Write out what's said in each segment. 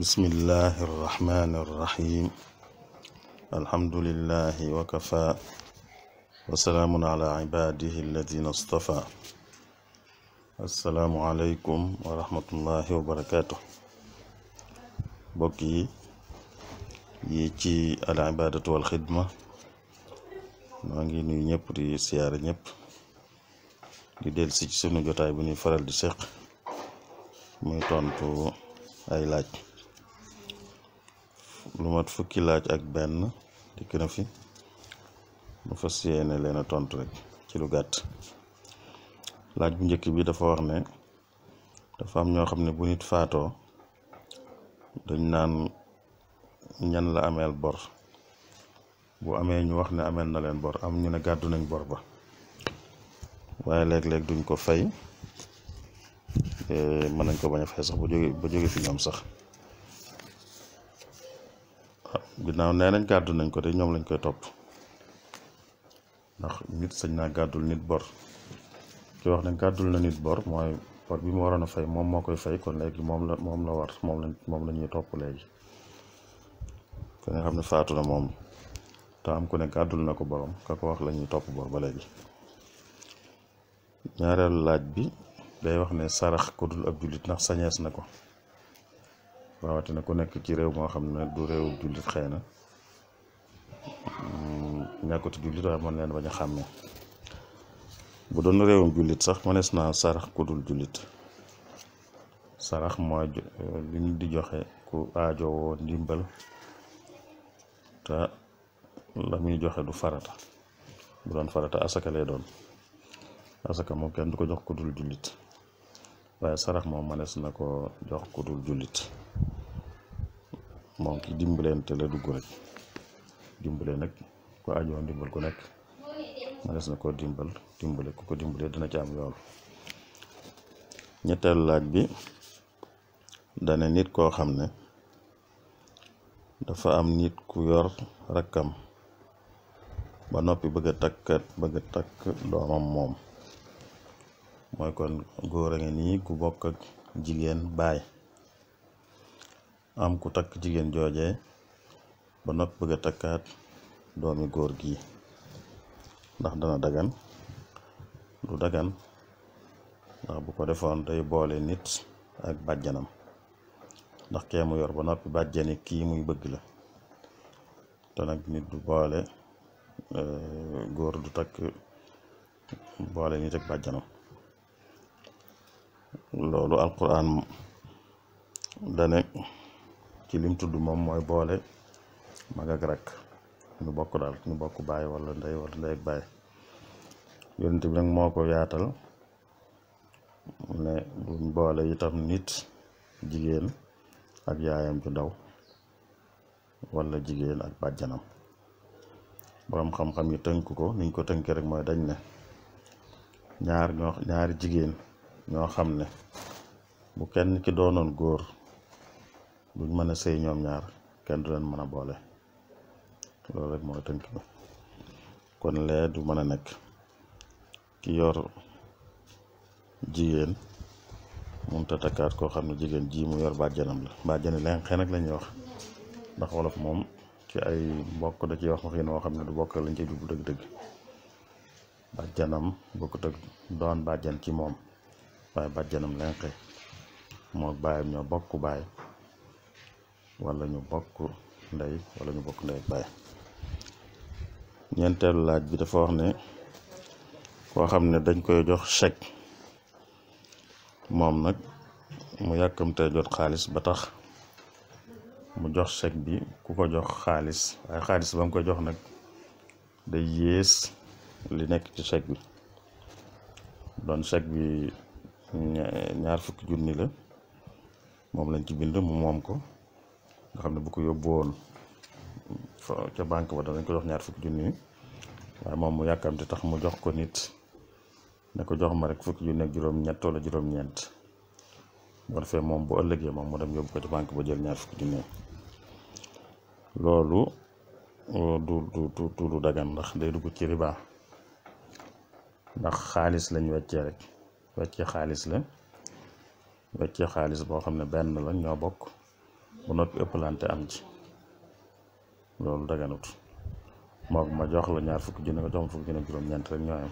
bismillahi irrahmani irrahim alhamdulilahi wakafa wasalaamun ala ibaadihi alladina stafa assalaamu aleykum wa rahmatullahi wa barakaatu bokk yi yi ci al ibaadatu wal xidma maa ngi nuyu ñëpp di siyaare ñëpp di dellusi ci sunu jotaay bu ñuy faral di seq muy tontu ay laaj lu mat fukki laaj ak benn dikk fi ma fas yéene leen a tontu rek ci lu gàtt laaj bu njëkk bi dafa wax ne dafa am ñoo xam ne bu nit faatoo dañ naan ñan la ameel bor bu amee ñu wax ne ameel na leen bor am ñu ne gàddu nañ bor ba waaye léeg-léeg duñ ko fay eh, mën nañ ko bañ a fay sax ba jóge ba jóge fi ñoom sax ginnaaw nee nañ gàddu nañ ko de ñoom lañ koy topp ndax nit sañ naa gàddul nit bor ki wax ne gàddul na nit bor mooy bor bi mu waroon a fay moom moo koy fay kon léegi moom la moom la war moom lañ moom la topp léegi ki nga xam ne faatu na moom te am ku ne gàddul na ko borom ka ko wax lañuy topp bor ba léegi ñaareelu laaj bi day wax ne sarax ku dul ab jullit ndax sañees na ko waawatina ku nekk ci réew moo xam ne du réew jullit xëy na ñàkkut mm, jullit waaye mën leen bañ a xàmmee bu doon réewum jullit sax mënees naa sarax ku dul jullit sarax mooy euh, li di joxe ku aajowoo ndimbal te la joxe du farata bu doon farata asaka lay doon asaka moom kenn du ko jox ku dul waye sarax moom manes nako jox ko dul julit mom ki dimbalante la dugg rek dimbale nak ko won dimbal ko nak manes nako koo dimbal dimbale ko dimbalé dana ci am yool ñettal laaj bi dana nit ko dafa am nit ku yor rakam ba nopi bëgg takkat bëgg tak takk mom, mooy kon góor ini ni ku bokk ak jigéen baay am ku takk jigéen jooje ba noppi bëgg a takkaat doomi góor gi ndax dana dagan du dagan ndax bu ko defoon day boole nit ak bàjjanam ndax kee mu yor ba noppi bàjjani kii muy bëgg la te nag nit du boole eh, góor du takk boole nit ak bàjjanam loolu alquran dane ci lim tudd moom mooy boole mag ak ñu bokk daal ñu bokk baay wala ndey wala ndey baay yonent bi nag moo ko yaatal ne buñ boole itam nit jigéen ak yaayam ju ndaw wala jigéen ak bàjjanam borom xam-xam yi tënk ko niñ ko tënkee rek mooy dañ ne ñaar ñoo ñaari jigéen ñoo xam ne bu kenn ki doonoon góor duñ mën a sëy ñoom ñaar kenn du leen mën a boole loolu rek mooy tënk bi kon lee du mën a nekk ki yor jigéen mënut a takkaat koo xam ne jigéen ji mu yor bàjjanam la bàjjani lenqee nag la ñuy wax ndax wolof moom ci ay mbokk da ciy wax waxin xam ne du bokk lañ ci dëgg-dëgg bàjjanam bokkut ak ci moom waaye bàjjanam lenqe moo baayam ñoo bokk baay wala ñu bokk ndey wala ñu bokk ndey baay ñeenteelu laaj bi dafa wax ne koo xam ne dañ koy jox chèque moom nag mu yàkkamte jot xaalis ba tax mu jox chèque bi ku ko jox xaalis waaye xaalis ba mu koy jox nag day yées li nekk ci chèque bi doon chèque bi ñaar fukki junni la moom lañ ci bind mu moom ko nga xam ne bu ko yóbbu woon ca banque ba danañ ko jox ñaar fukki junni waaye moom mu yàkkamte tax mu jox ko nit ne ko jox ma rek fukki junni ak juróom-ñett wala juróom-ñeent bu ko defee bu ëllëgee moom mu dem yóbbu ko ci banque ba jël ñaar fukki junni loolu du du du du dagan ndax day dugg ci riba ndax xaalis lañ weccee rek. wecce xaalis la wecce xaalis boo xam ne benn la ñoo bokk bu noppi ëppalante am ci loolu daganut mook ma jox la ñaar fukki jën nga jox ma fukki junne juróom-ñeent rek ñoo am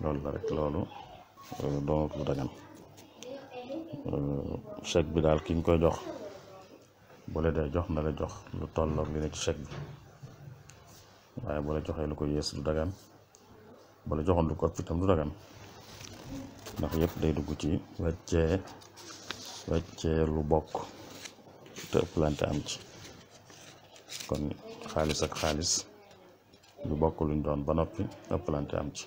loolu la rek loolu doonut lu dagan chèque bi daal kiñ koy jox boole la dee jox na la jox lu tolloog li ne ci chèque bi waaye bu joxee lu ko yées du dagan bu la joxoon lu ko ëpp itam du dagan ndax yépp day dugg ci wàccee wàccee lu bokk te ëpplante am ci kon xaalis ak xaalis lu bokk luñ doon ba noppi ëpplante am ci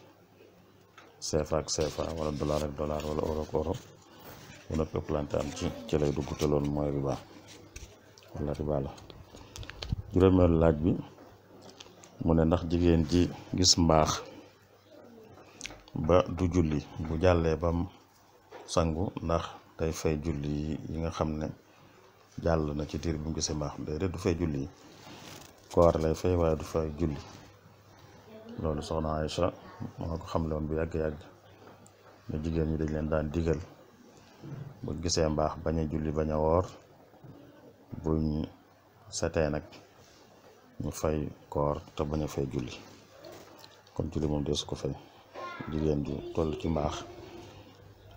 seefa ak seefa wala dollar ak dollar wala euro ak euro ba noppi ëpplante am ci ci lay dugg te loolu mooy riba wala riba la juróomeelu laaj bi mu ne ndax jigéen ji gis mbaax ba du julli bu jàllee bam sangu ndax day fay julli yi nga xam ne jàll na ci diir bi mu gisee mbaax déedéet du fay julli yi koor lay fay waaye du fay julli loolu soxna Aïcha moo ko xamle woon bu yàgg-yàgg ne jigéen ñi dañ leen daan digal bu gisee mbaax bañ a julli bañ a woor buñ setee nag ñu fay koor te bañ a fay julli kon julli moom deesu ko fay jigéen ju toll ci maax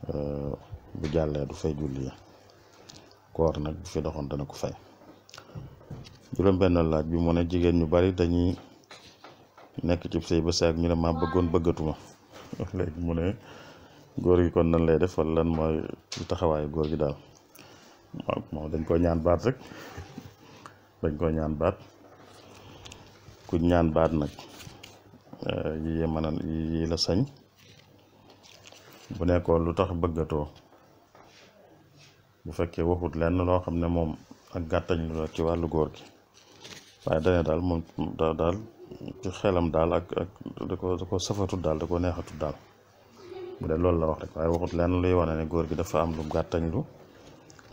eh, bu jàllee du fay julli koor nag bu fi doxoon dana ko fay juróom-benn laaj bi mu ne jigéen ñu bari dañuy nekk ci sëy ba saag ñu ne maa bëggoon bëggatuma léegi mu ne góor gi kon nan lay def wala taxawaayu góor gi daal waaw dañ koo ñaan baat rek dañ ko ñaan baat ku ñaan baat nag Euh, yi mën a yi la sañ bu nekkoon lu tax bëggatoo bu fekkee waxut lenn loo xam ne moom ak gàttañ lu la ci wàllu góor gi waaye dane daal moom daal xelam daal ak ak da ko da ko safatut daal daal bu dee loolu la wax rek waaye waxut lenn luy wane ne góor gi dafa am lum gàttañ lu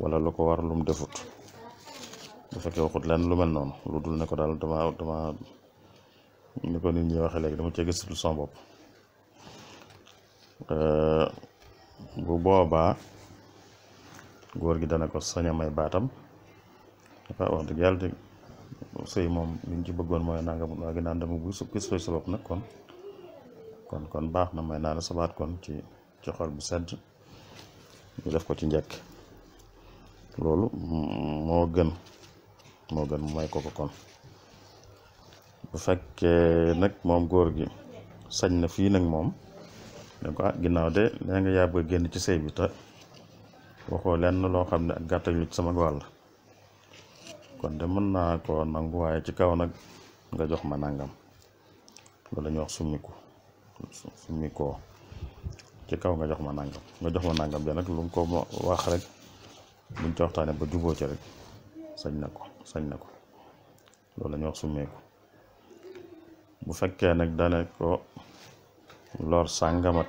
wala lu ko war lum defut bu fekkee waxut lenn lu mel noonu lu dul nekko daal dama ni ko nit ñi waxee léegi dama cee gëstu sama bopp bu boobaa góor gi dana ko sañ a may baatam dafa wax dëgg yàlla de sëy moom li ñu ci bëggoon mooy nangam waa gi naan dama bu su gis sa nag kon kon kon baax na may naa la sa kon ci ci xol bu sedd ñu def ko ci njëkk loolu moo gën moo gën mu may ko ko kon bu fekkee nag moom góor gi sañ na fii nag moom ne ko ah ginnaaw de nee nga yaa bëgg génn ci sëy bi te waxoo lenn loo xam ne ak gàttañ lu ci sama wàll kon de mën naa koo nangu waaye ci kaw nag nga jox ma nangam loolu la ñuy wax summiku summikoo ci kaw nga jox ma nangam nga jox ma nangam de nag lu ko wax rek buñ joxtaane ba juboo ci rek sañ na ko sañ na ko loolu la wax summeeku bu fekkee nag dane ko lor sàngam a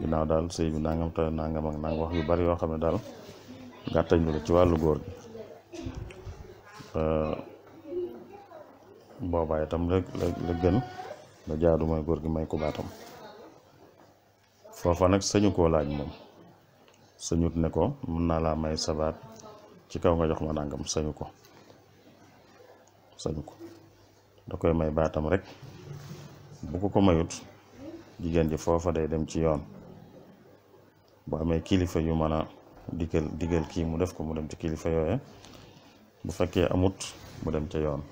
ginnaaw daal sëy bi nangam te nangam ak wax yu bari yoo xam ne daal gàttañ lu ci wàllu góor gi boobaa itam rek la gën la jaadu mooy góor gi may ko baatam foofa nag sëñu koo laaj moom sañut ne ko mën naa laa may sabaat ci kaw nga jox ma nangam sañu ko sañu ko da koy may baatam rek bu ko ko mayut jigéen ji foofa day dem ci yoon bu amee kilifa yu mën a digal kii mu def ko mu dem ci kilifa yooye bu fekkee amut mu dem ca yoon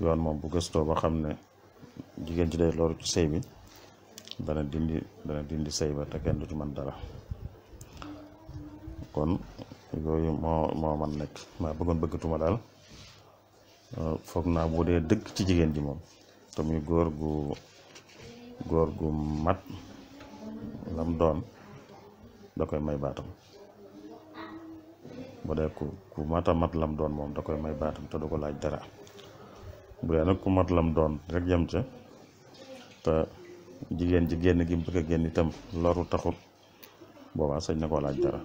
yoon moom bu gëstoo ba xam ne jigéen ji day loru ci sëy bi dana dindi dana dindi sëy ba te kenn du ci mën dara kon yooyu moo moo man nekk maa bëggoon bëggatuma daal Euh, foog naa bu dee dëgg ci jigéen ji moom te muy góor gu góor gu mat lam doon da koy may baatam bu dee ku ku mata a mat lam doon moom da koy may baatam te du ko laaj dara bu dee nag ku mat lam doon rekk yem ca te jigéen ji génn gi bëgg a génn itam loru taxut boobaa sañ na koo laaj dara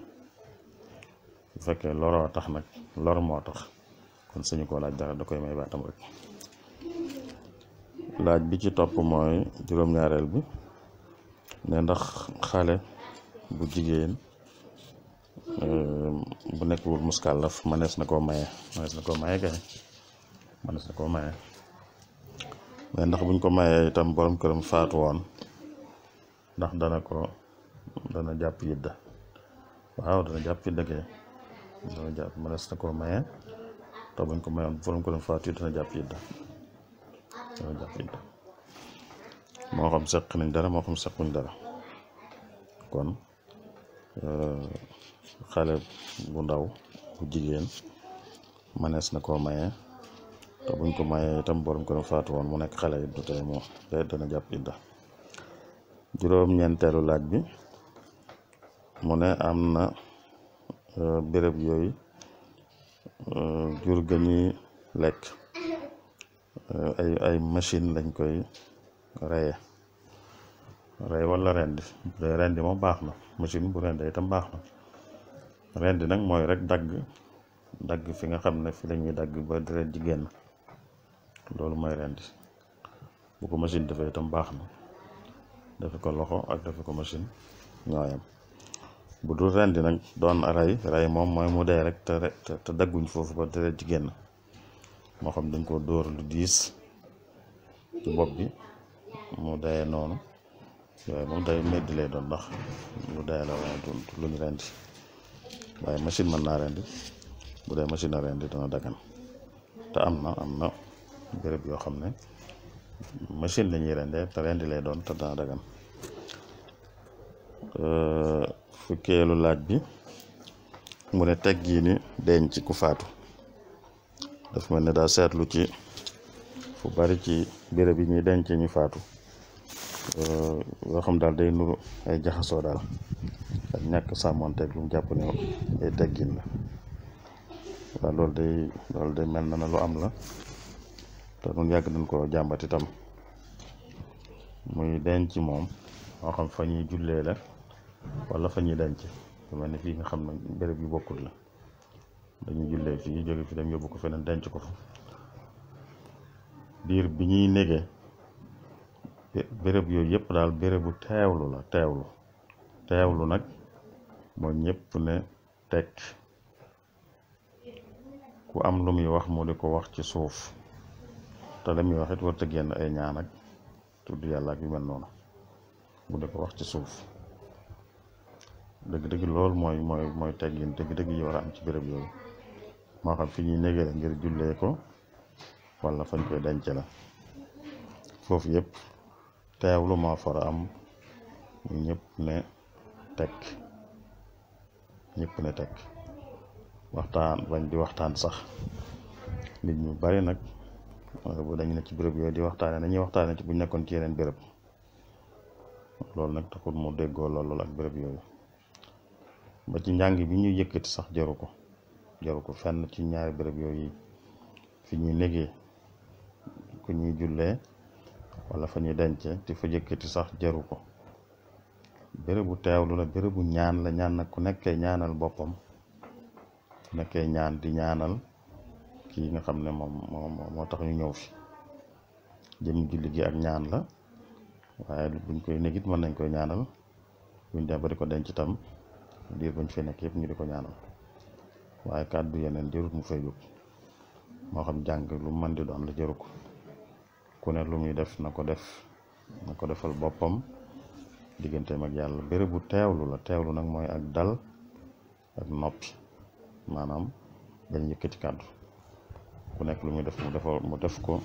bu fekkee loroo tax nag lor moo tax kon suñu ko laaj dara da koy may baatam rek laaj bi ci topp mooy juróom-ñaareel bi ne ndax xale bu jigéen eh, bu nekkul muskàllaf mënees na koo maye mënees na ko maye kay mënees na koo maye mais ndax buñ ko mayee itam borom këram faatu woon ndax dana ko dana jàpp yidda waaw dana jàpp yidda kay dana na koo maye ndax ko mayoon borom ko doon faatu dana jàpp yidda dana jàpp yidda moo xam seq nañ dara moo xam sequñ dara kon euh, xale bu ndaw bu jigéen manees na koo maye te buñ ko mayee itam borom ko doon faatu woon mu nekk xale it du tey moo day dana jàpp yidda juróom-ñeenteelu laaj bi mu ne am na euh, béréb yooyu Euh, jur ga ñuy lekk euh, ay ay machine lañ koy reye rey wala rendi bu dee rendi moom baax na machine bu rendee itam baax na rendi nag mooy rek dagg dagg fi nga xam ne fi la ñuy dagg ba deret ji loolu mooy rendi bu ko machine defee itam baax na defe ko loxo ak defe ko machine ñooyam bu dul rendi nag doon rey rey moom mooy mu dee rek te te dagguñ foofu ba deret jigéen génn moo xam dañ ko door lu diis ci bopp bi mu dee noonu waaye moom day meddi lay doon ndax lu dee la waaye du lu rendi waaye machine mën naa rendi bu dee machine a rendi dana dagan te am na am na béréb yoo xam ne machine la ñuy rendee te rendi lay doon te dana dagan Euh, fukkeelu laaj bi mu ne teggiini denc ku faatu daf mel ne daal seetlu ci fu bari ci béréb yi ñuy denc ñu faatu euh, yoo xam daal day nuru ay jaxasoo daal ak ñàkk sàmmonteeg lu mu jàpp ne ay teggin la waaw loolu day loolu day mel na lu am la te nun yàgg nañ ko jàmbat itam muy ci moom moo xam fa ñuy jullee la wala fa ñuy denc su mel ne fii nga xam na béréb yu bokkul la dañuy jullee fii jóge fi dem yóbbu ko feneen denc ko fa diir bi ñuy négee béréb yooyu yëpp daal bérébu teewlu la teewlu teewlu nag mooy ñëpp ne teg ku am lu muy wax mu di ko wax ci suuf te la muy wax it warut ay ñaan ak tudd yàlla ak yu mel noonu mu di ko wax ci suuf deug deug loolu moy moy moy teggin deug deug yi war am ci bërepp yoy mo xam fi ñuy négee ngir jullé ko wala fañ koy denc la foofu yëpp teewlu moo fara am ñepp né tek ñepp né tek waxtaan bañ di waxtaan sax nit ñu bari nak bu dañ na ci bërepp yoy di waxtaane dañuy waxtaane ci bu nekkoon ci yeneen bërepp loolu nak taxul mu déggo lool ak bërepp yoy ba ci njàng bi ñu yëkkati sax jaru ko jaru ko fenn ci ñaari béréb yooyu fi ñuy négee ku ñuy jullee wala fa ñuy dence te fa yëkkati sax jaru ko bérébu teewlu la bérébu ñaan la ñaan nag ku nekkee ñaanal boppam ku nekkee ñaan di ñaanal kii nga xam ne moom moo moo tax ñu ñëw fi jëm julli gi ak ñaan la waaye buñ koy négit mën nañ koy ñaanal buñ dem ba ko denc tam diir bañ fi nekk yëpp ñu di ko ñaanal waaye kàddu yeneen jërut mu fay jóg moo xam jàng lu mën doon la jëru ko ku ne lu muy def na ko def na ko defal boppam digganteem ak yàlla bérébu teewlu la teewlu nag mooy ak dal ak noppi maanaam bañ yëkkati kàddu ku nekk lu muy def mu defal mu def ko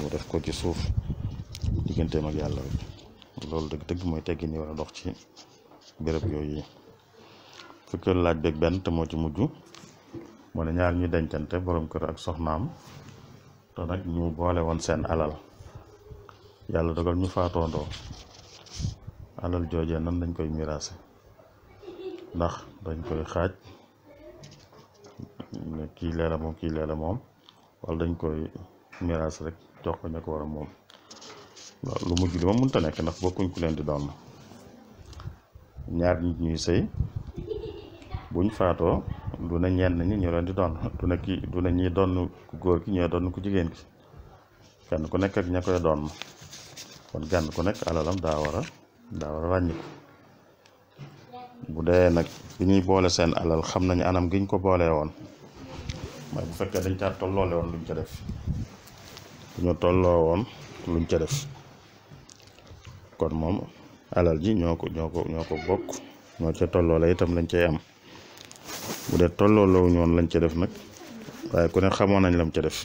mu def ko ci suuf digganteem ak yàlla rek loolu dëgg-dëgg mooy teggi ni war a dox ci béréb yooyu fukkeelu laaj beeg benn te moo ci mujj moo ne ñaar ñu dencante boroom kër ak soxnaam te ñu boole woon seen alal yàlla dogal ñu faatoondoo alal joojee nan dañ koy miraase ndax dañ koy xaaj kii leela moom kii leela moom wala dañ koy miraas rek jox ko ña ko moom lu mujj li ma mënta nekk ndax bokkuñ ku leen di doon ñaar nit ñuy sëy buñ faatoo du na ñenn ñi ñu leen di doon du na ki du na ñi doon ku góor ki ñooy doon ku jigéen ki kenn ku nekk ak ña koy doon kon kenn ku nekk alalam daa war a daa war a bu dee nag bi ñuy boole seen alal xam nañu anam giñ ko boolee woon mooy bu fekkee dañ caa tolloole woon luñ ca def bu ñu tolloo woon luñ ca def kon moom alal ji ñoo ko ñoo ko ñoo ko bokk ñoo ca tolloole itam lañ cay am bu dee tolloo loowu ñoon lañ ca def nag waaye kon ne xamoon nañ lam ca def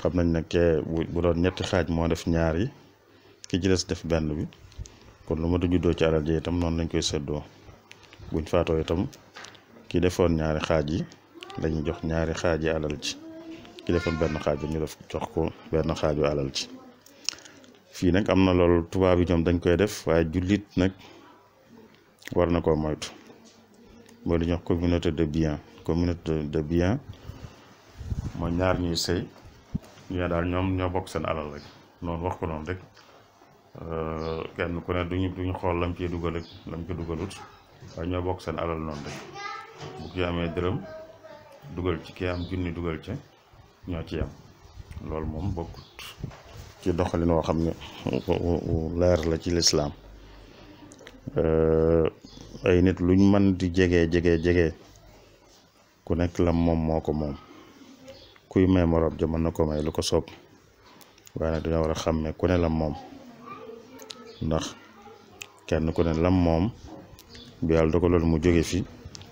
xam nañ nag kee bu doon ñetti xaaj moo def ñaari ki ci des def benn bi kon lu ma du juddoo ci alal ji koy séddoo buñ faatoo itam ki defoon ñaari xaaj yi lañuy jox ñaari xaaj yi alal ji ki defoon benn xaaj bi ñu def jox ko benn xaaju alal ji fii nag am na lool tubaab yi ñoom dañ koy def waaye jullit nag war na koo moytu mooy du ñox wax communauté de bien communauté de bien mooy ñaar ñuy sëy ñoo daal ñoom ñoo bokk seen alal rek noonu wax ko noonu rek euh, kenn ku ne duñu ñu xool lam ciy dugal rek lam ci dugalut waaye ñoo bokk seen alal noonu rek bu ki amee dërëm dugal ci ki am junni dugal ci ñoo ci am loolu moom bokkut ci doxalin woo xam ne leer la ci lislaam Euh, ay nit luñ mën di jege jege jege ku nekk lam moom moo ko moom kuy may moroom ja mën na ko may lu ko soob waaye nag dañoo war a xàmme ku ne lam moom ndax kenn ku ne lam moom bi yàlla dogaloon mu jóge fi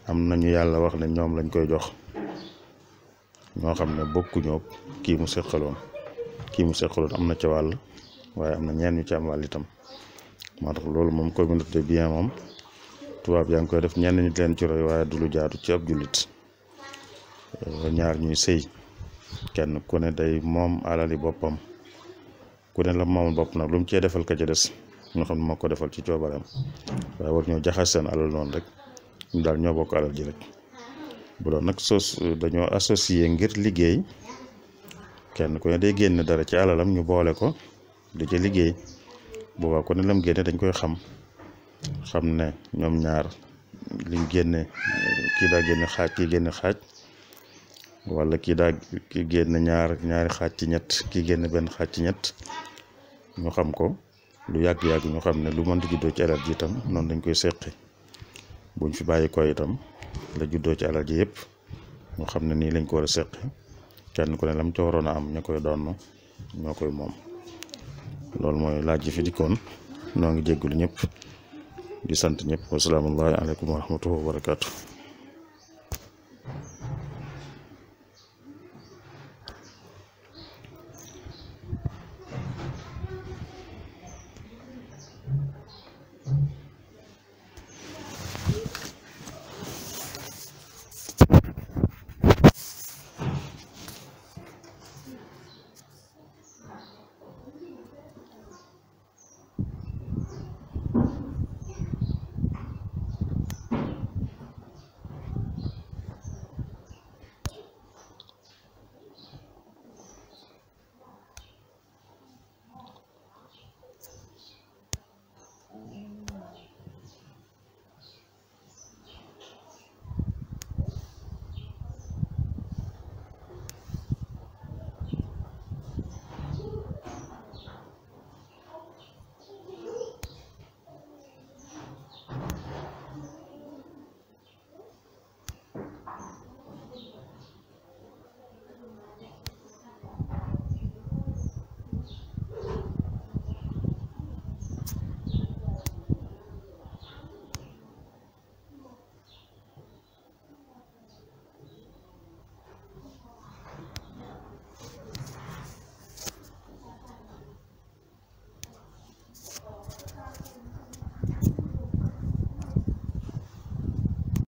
am nañu yàlla wax ne ñoom lañ koy jox ñoo xam ne bokkuñoo kii mu seqaloon kii mu seqaloon am na ca wàll waaye am na ñeen ñu ci am wàll itam moo tax loolu moom communauté bien moom tubaab yaa ngi koy def ñenn ñi di leen ci roy waaye du lu jaatu ci ab jullit euh, ñaar ñuy sëy kenn ku ne day moom alali boppam ku ne la moom bopp nag lu mu cee defal ka ci des ñoo xam ne moo ko defal ci coobareem waaye war ñoo jaxas seen alal noonu rek ñu daal ñoo bokk alal ji rek bu doon nag sos dañoo associe ngir liggéey kenn ku ne day génn dara ci alalam ñu boole ko di ca liggéey boobaa ko ne lam génne dañ koy xam xam ne ñoom ñaar liñ génne kii daa génne xaaj kii génne xaaj wala kii daa kii génne ñaar ñaari xaaj ci ñett kii génne benn xaaj ci ñett ñu xam ko lu yàgg-yàgg ñu xam ne lu mënti juddoo ci alal ji itam noonu dañ koy seqe buñ fi bàyyi koy itam la juddoo ci alal ji yëpp ñu xam ne nii lañ ko war a seqi kenn ku ne lam waroon a am ña koy doon ñoo koy moom loolu mooy laaj yi fi dikkoon noo ngi jéggulu ñëpp di sant ñëpp wasalaamaaleykum wa rahmatulah wa barakaatu.